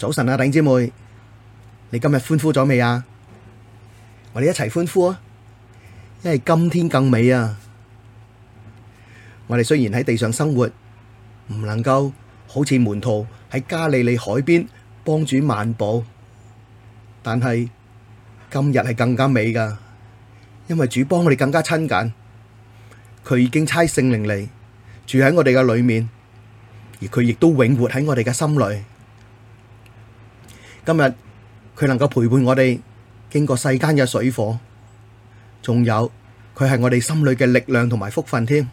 早晨啊，弟兄姊妹，你今日歡呼咗未啊？我哋一齊歡呼啊！因為今天更美啊！我哋雖然喺地上生活，唔能夠好似門徒喺加利利海邊幫主漫步，但係今日係更加美噶，因為主幫我哋更加親近，佢已經差聖靈嚟住喺我哋嘅裏面，而佢亦都永活喺我哋嘅心裏。今日佢能夠陪伴我哋經過世間嘅水火，仲有佢係我哋心裏嘅力量同埋福分添。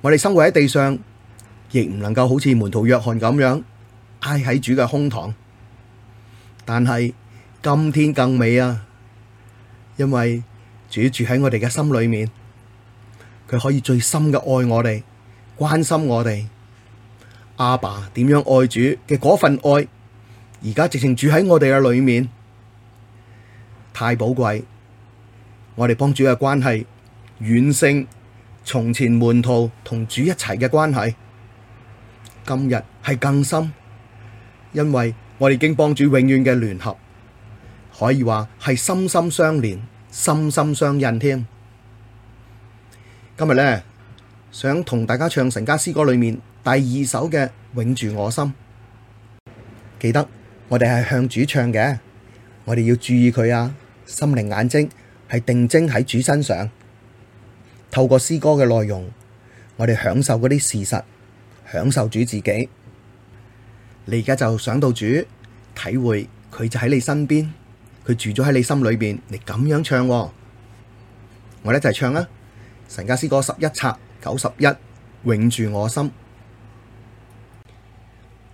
我哋生活喺地上，亦唔能夠好似門徒約翰咁樣挨喺主嘅胸膛，但係今天更美啊！因為主住喺我哋嘅心裏面，佢可以最深嘅愛我哋，關心我哋。阿爸點樣愛主嘅嗰份愛？而家直情住喺我哋嘅裏面，太寶貴。我哋幫主嘅關係遠勝從前，門徒同主一齊嘅關係。今日係更深，因為我哋已經幫主永遠嘅聯合，可以話係心心相連、心心相印添。今日呢，想同大家唱《神家詩歌》裏面第二首嘅《永住我心》，記得。我哋係向主唱嘅，我哋要注意佢啊，心靈眼睛係定睛喺主身上，透過詩歌嘅內容，我哋享受嗰啲事實，享受主自己。你而家就想到主，體會佢就喺你身邊，佢住咗喺你心裏邊，你咁樣唱，哦，我哋一齊唱啊，神家詩歌十一冊九十一，永住我心。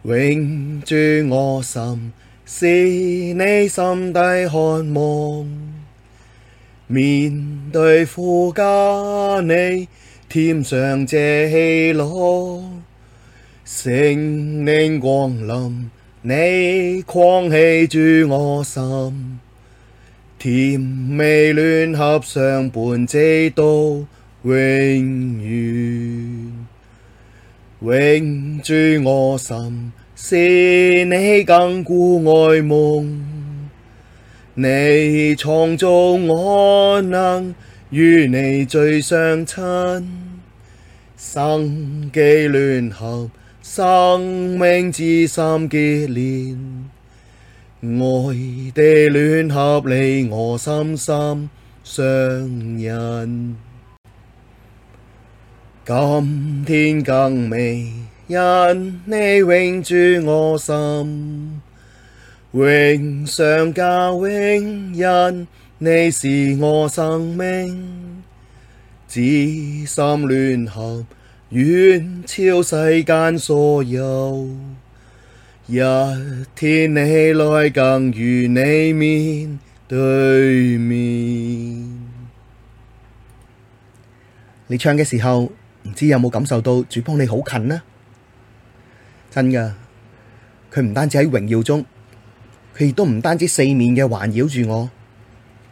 永住我心，是你心底渴望。面對苦架你，你添上這喜樂。聖靈降臨，你狂喜住我心。甜美聯合相伴，直到永遠。永住我心，是你亙古愛夢，你創造我能與你最相親，生機聯合，生命至深結連，愛的聯合，你我心心相印。今天更美，因你永住我心，榮上加榮，因你是我生命，至深聯合，遠超世間所有，一天你來，更與你面對面。你唱嘅時候。唔知有冇感受到主幫你好近呢？真噶，佢唔單止喺榮耀中，佢亦都唔單止四面嘅環繞住我，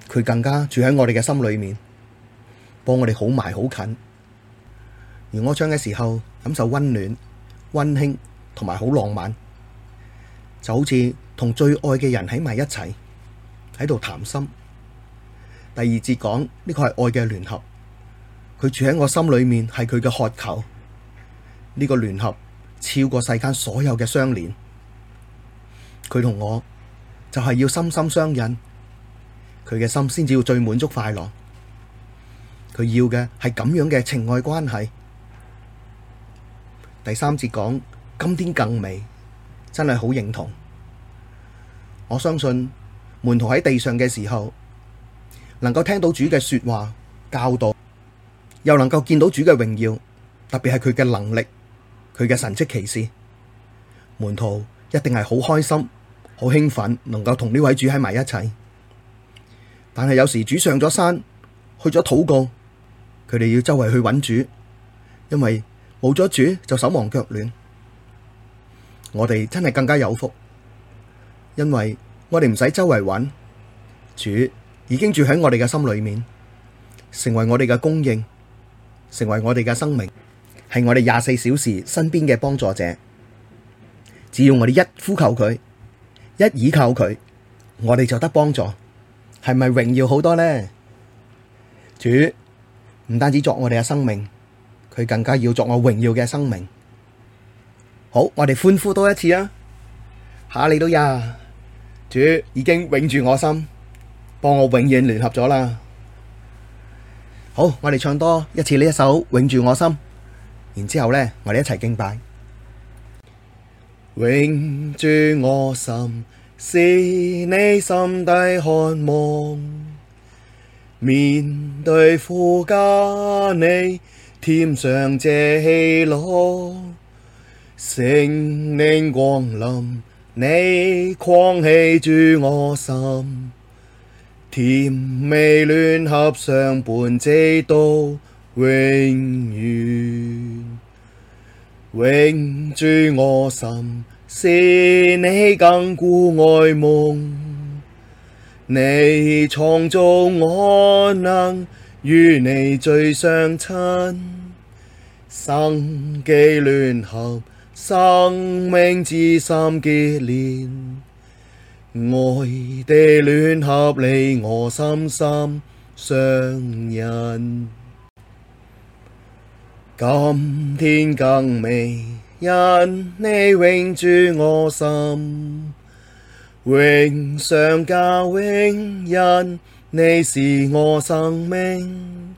佢更加住喺我哋嘅心裏面，幫我哋好埋好近。而我唱嘅時候，感受溫暖、溫馨同埋好浪漫，就好似同最愛嘅人喺埋一齊，喺度談心。第二節講，呢個係愛嘅聯合。佢住喺我心裏面，係佢嘅渴求。呢、這個聯合超過世間所有嘅相連。佢同我就係要深深心心相印，佢嘅心先至要最滿足快樂。佢要嘅係咁樣嘅情愛關係。第三節講今天更美，真係好認同。我相信門徒喺地上嘅時候能夠聽到主嘅說話教導。又能夠見到主嘅榮耀，特別係佢嘅能力，佢嘅神蹟奇事，門徒一定係好開心、好興奮，能夠同呢位主喺埋一齊。但係有時主上咗山，去咗禱告，佢哋要周圍去揾主，因為冇咗主就手忙腳亂。我哋真係更加有福，因為我哋唔使周圍揾，主已經住喺我哋嘅心裏面，成為我哋嘅供應。成為我哋嘅生命，係我哋廿四小時身邊嘅幫助者。只要我哋一呼求佢，一倚靠佢，我哋就得幫助。係咪榮耀好多呢？主唔單止作我哋嘅生命，佢更加要作我榮耀嘅生命。好，我哋歡呼多一次啊！哈利路亞，主已經永住我心，幫我永遠聯合咗啦。好，我哋唱多一次呢一首《永住我心》，然之後咧，我哋一齊敬拜。永住我心，是你心底渴望。面對苦架你，你添上這喜樂。聖靈降臨，你狂喜住我心。甜美聯合相伴道，直到永遠，永住我心是你亙古愛夢，你創造我能與你最相親，生機聯合生命至深結連。愛的聯合，你我心心相印，今天更美，因你永住我心，榮上加榮，你是我生命，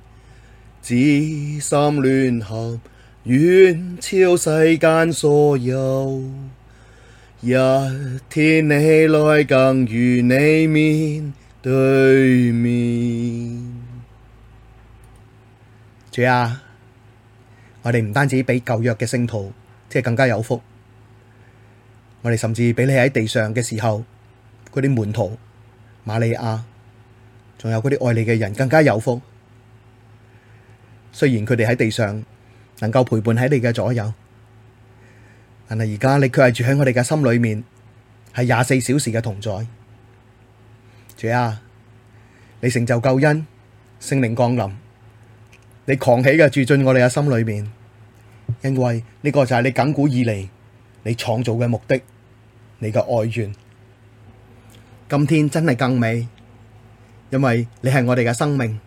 至深聯合，遠超世間所有。一天你來，更與你面對面。主啊，我哋唔單止俾舊約嘅聖徒，即係更加有福。我哋甚至俾你喺地上嘅時候，嗰啲門徒、瑪利亞，仲有嗰啲愛你嘅人，更加有福。雖然佢哋喺地上能夠陪伴喺你嘅左右。但係而家你卻係住喺我哋嘅心裏面，係廿四小時嘅同在。主啊，你成就救恩，聖靈降臨，你狂喜嘅住進我哋嘅心裏面，因為呢個就係你亙古以嚟，你創造嘅目的，你嘅愛願。今天真係更美，因為你係我哋嘅生命，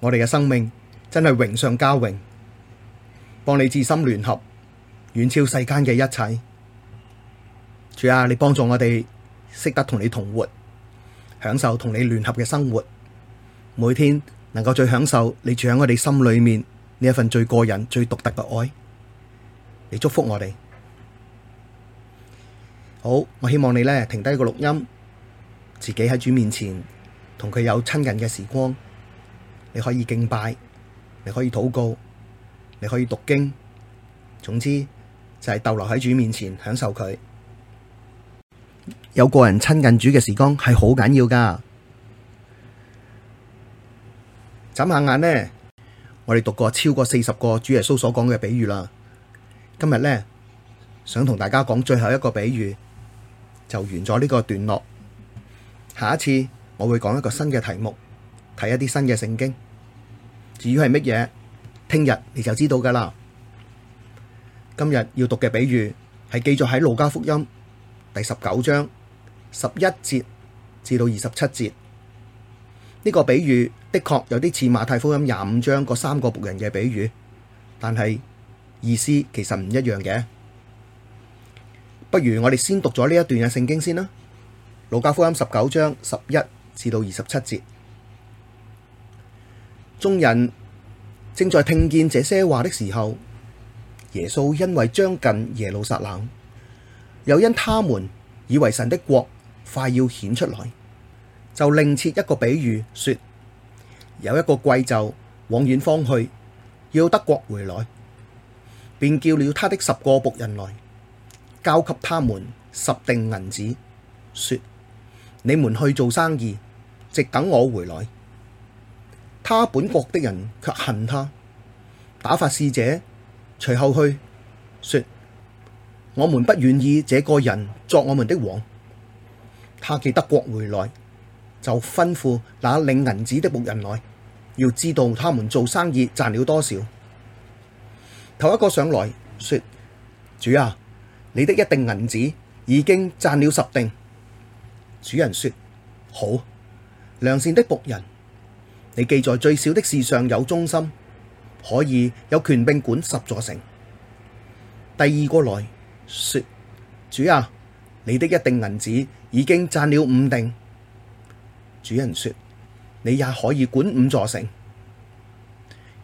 我哋嘅生命真係榮上加榮，幫你至深聯合。遠超世間嘅一切，主啊，你幫助我哋識得同你同活，享受同你聯合嘅生活，每天能夠再享受你住喺我哋心裏面呢一份最過人、最獨特嘅愛，嚟祝福我哋。好，我希望你呢停低個錄音，自己喺主面前同佢有親近嘅時光，你可以敬拜，你可以禱告，你可以讀經，總之。就係逗留喺主面前，享受佢有個人親近主嘅時光係好緊要噶。眨下眼呢，我哋讀過超過四十個主耶穌所講嘅比喻啦。今日呢，想同大家講最後一個比喻，就完咗呢個段落。下一次我會講一個新嘅題目，睇一啲新嘅聖經，至於係乜嘢？聽日你就知道噶啦。今日要讀嘅比喻係記載喺路加福音第十九章十一節至到二十七節。呢個比喻的確有啲似馬太福音廿五章嗰三個僕人嘅比喻，但係意思其實唔一樣嘅。不如我哋先讀咗呢一段嘅聖經先啦。路加福音十九章十一至到二十七節，眾人正在聽見這些話的時候。耶穌因為將近耶路撒冷，又因他們以為神的國快要顯出來，就另設一個比喻，說，有一個貴冑往遠方去，要得國回來，便叫了他的十個僕人來，交給他們十錠銀子，說：你們去做生意，直等我回來。他本國的人却恨他，打發使者。隨後去說，我們不願意這個人作我們的王。他既得國回來，就吩咐那領銀子的僕人來，要知道他們做生意賺了多少。頭一個上來說：主啊，你的一錠銀子已經賺了十錠。主人說：好，良善的僕人，你既在最小的事上有忠心。可以有權柄管十座城。第二個來說，主啊，你的一錠銀子已經賺了五錠。主人說，你也可以管五座城。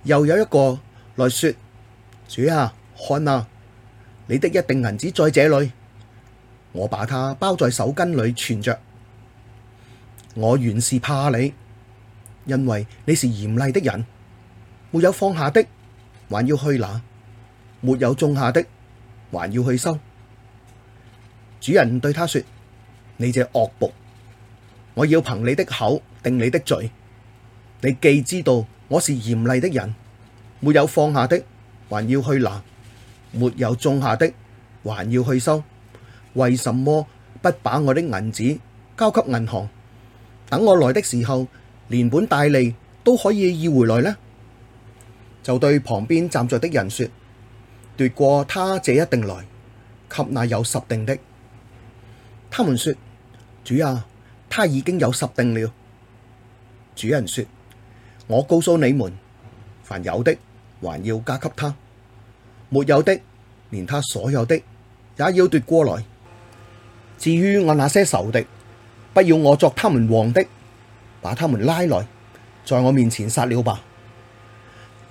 又有一個來說，主啊，看啊，你的一錠銀子在這裡，我把它包在手巾裡存着。我原是怕你，因為你是嚴厲的人。沒有放下的，還要去拿；沒有種下的，還要去收。主人對他說：你這惡僕，我要憑你的口定你的罪。你既知道我是嚴厲的人，沒有放下的還要去拿，沒有種下的還要去收，為什麼不把我的銀子交給銀行，等我來的時候連本帶利都可以要回來呢？就對旁邊站着的人說：奪過他這一錠來，給那有十錠的。他們說：主啊，他已經有十錠了。主人說：我告訴你們，凡有的還要加給他，沒有的連他所有的也要奪過來。至於我那些仇敵，不要我作他們王的，把他們拉來，在我面前殺了吧。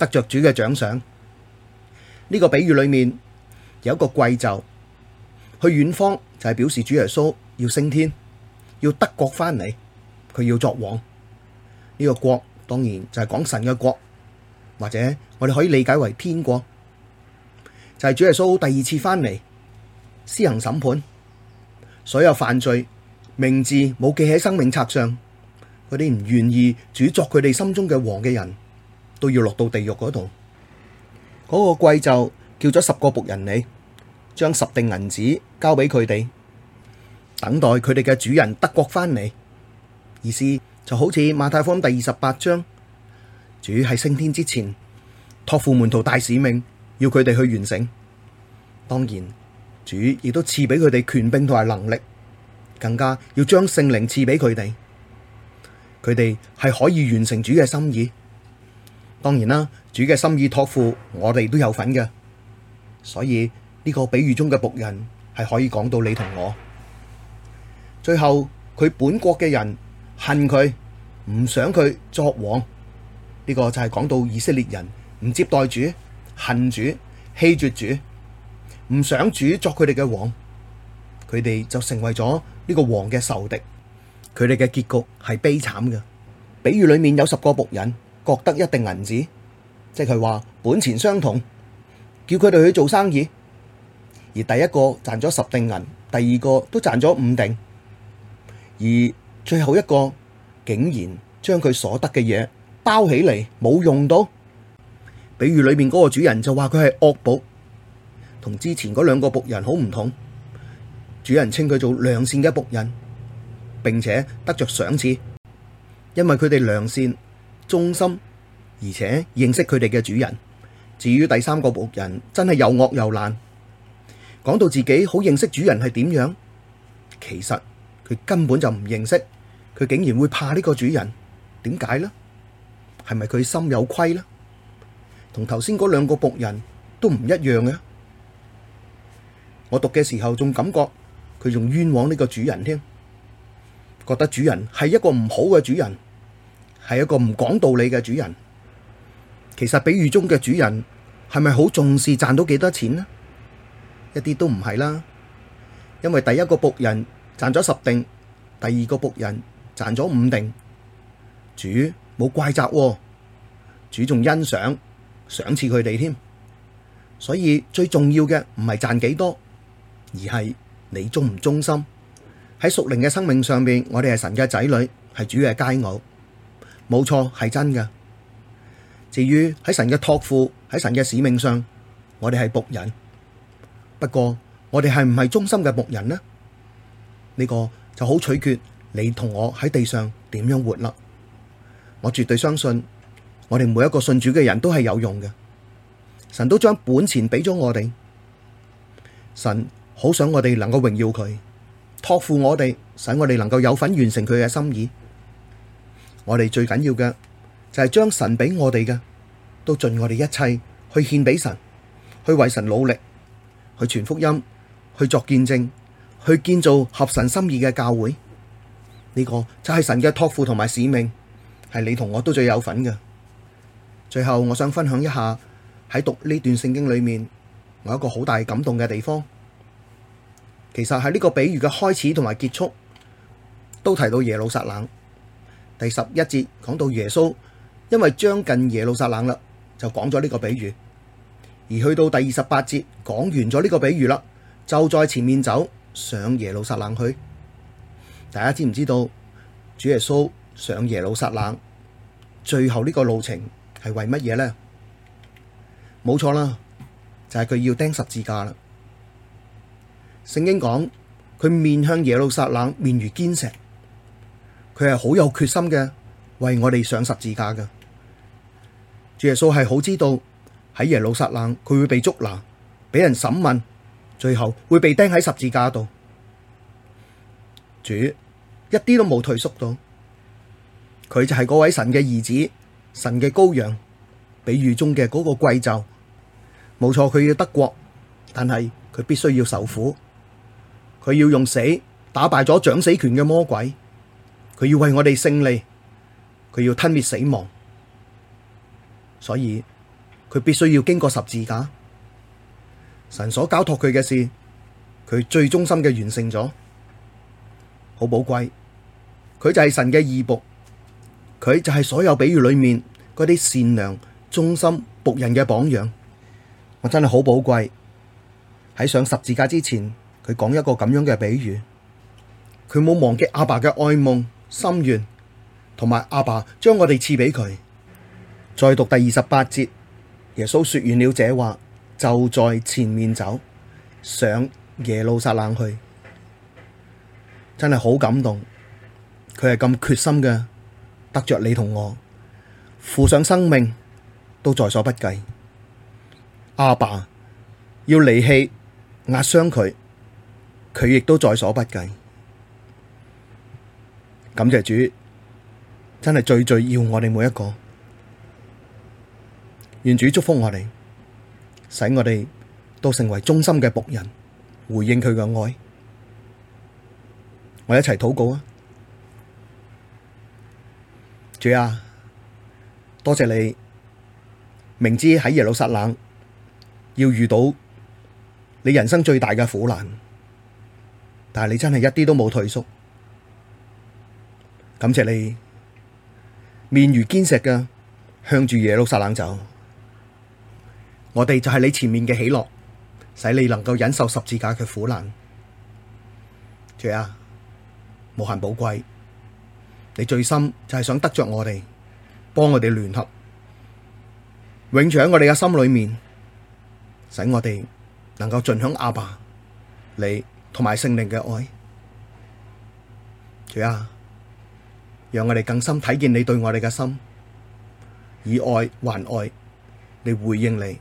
得着主嘅獎賞，呢、這個比喻裏面有一個貴冑去遠方，就係表示主耶穌要升天，要得國翻嚟，佢要作王。呢、這個國當然就係講神嘅國，或者我哋可以理解為天國，就係、是、主耶穌第二次翻嚟施行審判，所有犯罪名字冇記喺生命冊上，嗰啲唔願意主作佢哋心中嘅王嘅人，都要落到地獄嗰度，嗰個貴就叫咗十個僕人，嚟，將十錠銀子交俾佢哋，等待佢哋嘅主人得國翻嚟。意思就好似馬太福音第二十八章，主喺升天之前託付門徒大使命，要佢哋去完成。當然，主亦都賜俾佢哋權柄同埋能力，更加要將聖靈賜俾佢哋，佢哋係可以完成主嘅心意。當然啦，主嘅心意托付，我哋都有份嘅，所以呢個比喻中嘅僕人係可以講到你同我。最後佢本國嘅人恨佢，唔想佢作王，呢個就係講到以色列人唔接待主，恨主，棄絕主，唔想主作佢哋嘅王，佢哋就成為咗呢個王嘅仇敵，佢哋嘅結局係悲慘嘅。比喻裏面有十個僕人。覺得一錠銀子，即係佢話本錢相同，叫佢哋去做生意，而第一個賺咗十錠銀，第二個都賺咗五錠。而最後一個竟然將佢所得嘅嘢包起嚟，冇用到。比如裏面嗰個主人就話佢係惡僕，同之前嗰兩個僕人好唔同。主人稱佢做良善嘅僕人，並且得着賞賜，因為佢哋良善。忠心，而且認識佢哋嘅主人。至於第三個僕人，真係又惡又懶。講到自己好認識主人係點樣，其實佢根本就唔認識。佢竟然會怕呢個主人，點解呢？係咪佢心有虧呢？同頭先嗰兩個僕人都唔一樣嘅。我讀嘅時候仲感覺佢仲冤枉呢個主人添，覺得主人係一個唔好嘅主人。係一個唔講道理嘅主人，其實比喻中嘅主人係咪好重視賺到幾多錢呢？一啲都唔係啦，因為第一個僕人賺咗十錠，第二個僕人賺咗五錠，主冇怪責、啊，主仲欣賞賞賜佢哋添。所以最重要嘅唔係賺幾多，而係你忠唔忠心。喺屬靈嘅生命上面，我哋係神嘅仔女，係主嘅佳偶。冇錯，係真㗎。至於喺神嘅託付、喺神嘅使命上，我哋係僕人。不過，我哋係唔係忠心嘅僕人呢？呢個就好取決你同我喺地上點樣活啦。我絕對相信，我哋每一個信主嘅人都係有用嘅。神都將本錢俾咗我哋，神好想我哋能夠榮耀佢，託付我哋，使我哋能夠有份完成佢嘅心意。我哋最緊要嘅就係、是、將神俾我哋嘅，都盡我哋一切去獻俾神，去為神努力，去傳福音，去作見證，去建造合神心意嘅教會。呢、這個就係神嘅託付同埋使命，係你同我都最有份嘅。最後，我想分享一下喺讀呢段聖經裏面，我一個好大感動嘅地方。其實喺呢個比喻嘅開始同埋結束，都提到耶路撒冷。第十一節講到耶穌，因為將近耶路撒冷啦，就講咗呢個比喻。而去到第二十八節，講完咗呢個比喻啦，就在前面走上耶路撒冷去。大家知唔知道主耶穌上耶路撒冷最後呢個路程係為乜嘢呢？冇錯啦，就係佢要釘十字架啦。聖經講佢面向耶路撒冷，面如堅石。佢係好有決心嘅，為我哋上十字架嘅。主耶穌係好知道喺耶路撒冷佢會被捉拿，俾人審問，最後會被釘喺十字架度。主一啲都冇退縮到，佢就係嗰位神嘅兒子，神嘅羔羊，比喻中嘅嗰個貴冑。冇錯，佢要得國，但係佢必須要受苦，佢要用死打敗咗掌死權嘅魔鬼。佢要為我哋勝利，佢要吞滅死亡，所以佢必須要經過十字架。神所交託佢嘅事，佢最忠心嘅完成咗，好寶貴。佢就係神嘅義僕，佢就係所有比喻裏面嗰啲善良、忠心僕人嘅榜樣。我真係好寶貴。喺上十字架之前，佢講一個咁樣嘅比喻，佢冇忘記阿爸嘅愛夢。心願同埋阿爸將我哋賜俾佢。再讀第二十八節，耶穌說完了這話，就在前面走，上耶路撒冷去。真係好感動，佢係咁決心嘅，得着你同我，負上生命都在所不計。阿爸要離棄壓傷佢，佢亦都在所不計。感謝主，真係最最要我哋每一個，願主祝福我哋，使我哋都成為忠心嘅僕人，回應佢嘅愛。我一齊禱告啊！主啊，多謝你，明知喺耶路撒冷要遇到你人生最大嘅苦難，但係你真係一啲都冇退縮。感謝你，面如堅石嘅向住耶路撒冷走，我哋就係你前面嘅喜樂，使你能夠忍受十字架嘅苦難。主啊，無限寶貴，你最深就係想得着我哋，幫我哋聯合，永住喺我哋嘅心裏面，使我哋能夠盡享阿爸你同埋聖靈嘅愛。主啊！讓我哋更深，睇見你對我哋嘅心，以愛，還愛，嚟回應你，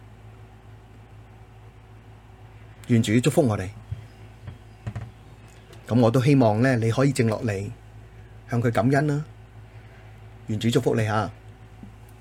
願主要祝福我哋。咁我都希望呢，你可以靜落嚟，向佢感恩，願主要祝福你吓。